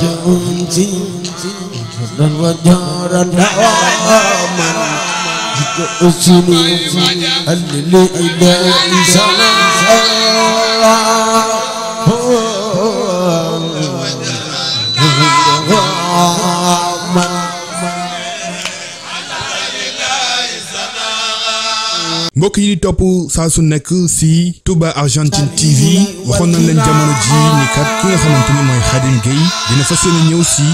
جونسي حسنا وجارا دواما جونسي اللي إلهي سلام الله mbokk yi di topp saa su nekk si Touba Argentine TV waxoon nañ leen jamono ji ni kat ki nga xamante ni mooy Khadim Gueye dina fas yéene ñëw si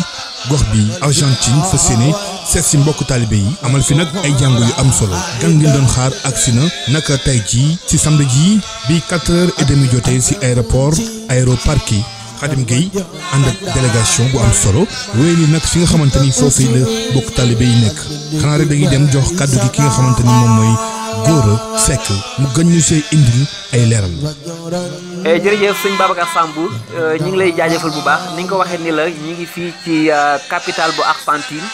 gox bi Argentine fa yéene seet si mbokk taalibe yi amal fi nag ay jàngu yu am solo gan ngeen doon xaar agsi na naka tey jii ci sand ji bi quatre heures et demie jotee si aéroport aéroparki Khadim Gueye ànd ak délégation bu am solo wéy ni nag fi nga xamante ni foofii la bokk taalibe yi nekk xanaa rek dañuy dem jox kàddu gi ki nga xamante ni moom mooy góor a mu gën ñu see indil ay leeral. Eh, jërëjëf sëñ Babacar Samb eh, ñu ngi lay jaajëfal bu baax ni nga ko waxee ni la ñu ngi fii ci eh, capitale bu Argentine.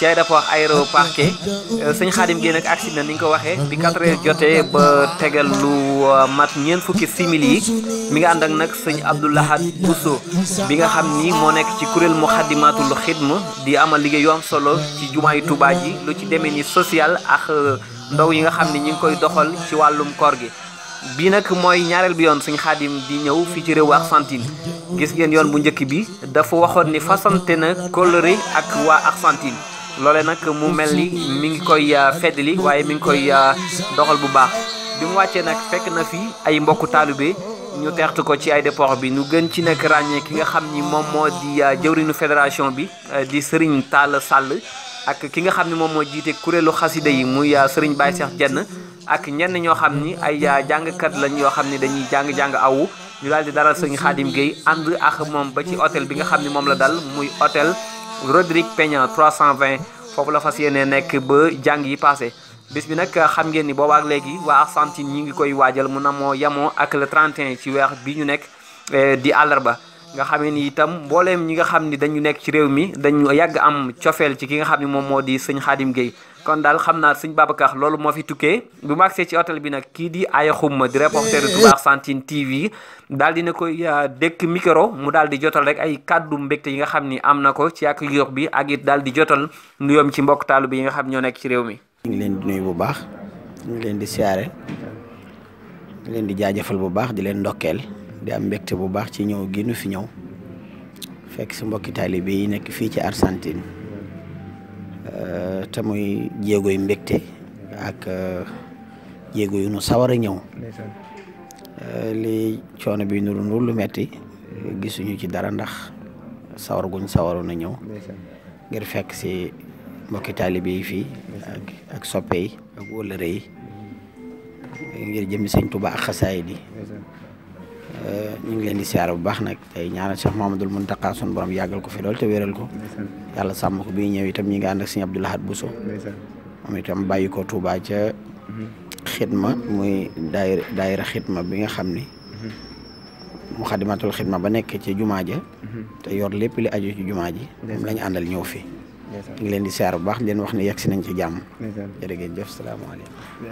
ci aéroport aéroparquet euh, sëñ Xaadim Guèye nag agsi na ni nga ko waxee bi 4 heures jotee ba tegal lu euh, mat ñeent fukki simili yi mi nga ànd ak nag sëñ Abdoulahad Bousso bi nga xam ni moo nekk ci kuréel Muxaddamatul Xidma di amal liggéey yu am solo ci jumaayu Tuubaa ji lu ci demee ni social ak euh, ndaw yi nga xam ni ñu ngi koy doxal ci wàllum koor gi bii nag mooy ñaareel bi yoon suñ xaadim di ñëw fii ci réewu Argentine gis ngeen yoon bu njëkk bi dafa waxoon ni fasante na kóllëre ak waa Argentine loole nag mu mel ni mi ngi koy uh, feddali waaye mi ngi koy uh, doxal bu baax bi mu wàccee nag fekk na fi ay mbokku taalibe ñu teextu ko ci ay déport bi ñu gën ci nag ràññee ki nga xam ni moom moo di uh, jëwriñu fédération bi di Serigne Talla sàll ak ki nga xam ni moom moo jiite kuréelu xasida yi muy Serigne Baye Cheikh Jenn ak ñenn ñoo xam ni ay jàngkat lañ yoo xam ni dañuy jàng-jàng awu ñu daal di daral Serigne Khadim Gueye ànd ak moom ba ci hôtel bi nga xam ni moom la dal muy hôtel Rodrigue Peña 320 foofu la fa yéenee nekk ba jàng yi passé bis bi nag xam ngeen ni ak léegi waa Argentine ñi ngi koy waajal mu na moo yemoo ak le 31 ci weer bi ñu nekk eh, di àllarba nga xamee ni itam mbooleem ñi nga xam ni dañu nekk ci réew mi dañu yàgg am cofeel ci ki nga xam ni moom moo di sëñ Xaadim Gueye kon daal xam naa suñ Babacar loolu moo fi tukkee bu ma agsee ci hôtel bi nag kii di Aya Xuma di reporter du Argentine TV daal na koy euh, dekk micro mu daal di jotal rek ay kàddu mbégte yi nga xam ni am na ko ci ak yóox bi ak it daal di jotal nuyoom ci mbokk taalu bi yi nga xam ñoo nekk ci réew mi. ñu ngi leen di nuyu bu baax ñu ngi leen di siyaare ñu leen di jaajëfal bu baax di leen ndokkeel di am mbégte bu baax ci ñëw gi nu fi ñëw fekk si mbokki taalibe nekk fii ci Argentine. te muy jéego yu mbégte ak euh, jéego yu nu sawar a ñëw euh, li coono bi nuru nuru lu metti gisuñu ci dara ndax sawar guñ sawaroon a ñëw ngir fekk si mbokki taalibe yi fii ak ak soppe ak wëllëre ngir jëm Sëñ Tuubaa ak xasaayid yi Euh, ñu ngi leen di siyaare bu baax nag tey ñaanal Cheikh Mamadou Mountakha sunu borom yàggal ko fi lool te wéral ko yàlla sàmm ko bi ñëw tam ñi ngi ànd ak sëñ Abdou Lahad Bousso moom itam bàyyi ko Touba ca mhm. xidma muy daayira daayira xidma bi nga xam ni mhm. mu xadimatul xidma ba nekk ci jumaa ja mhm. te yor lépp li aju ci jumaa ji moom lañu àndal ñëw fi ñu ngi leen di siyaare bu baax leen wax ne yegg si nañ ci jàmm jërëjëf salaamaaleykum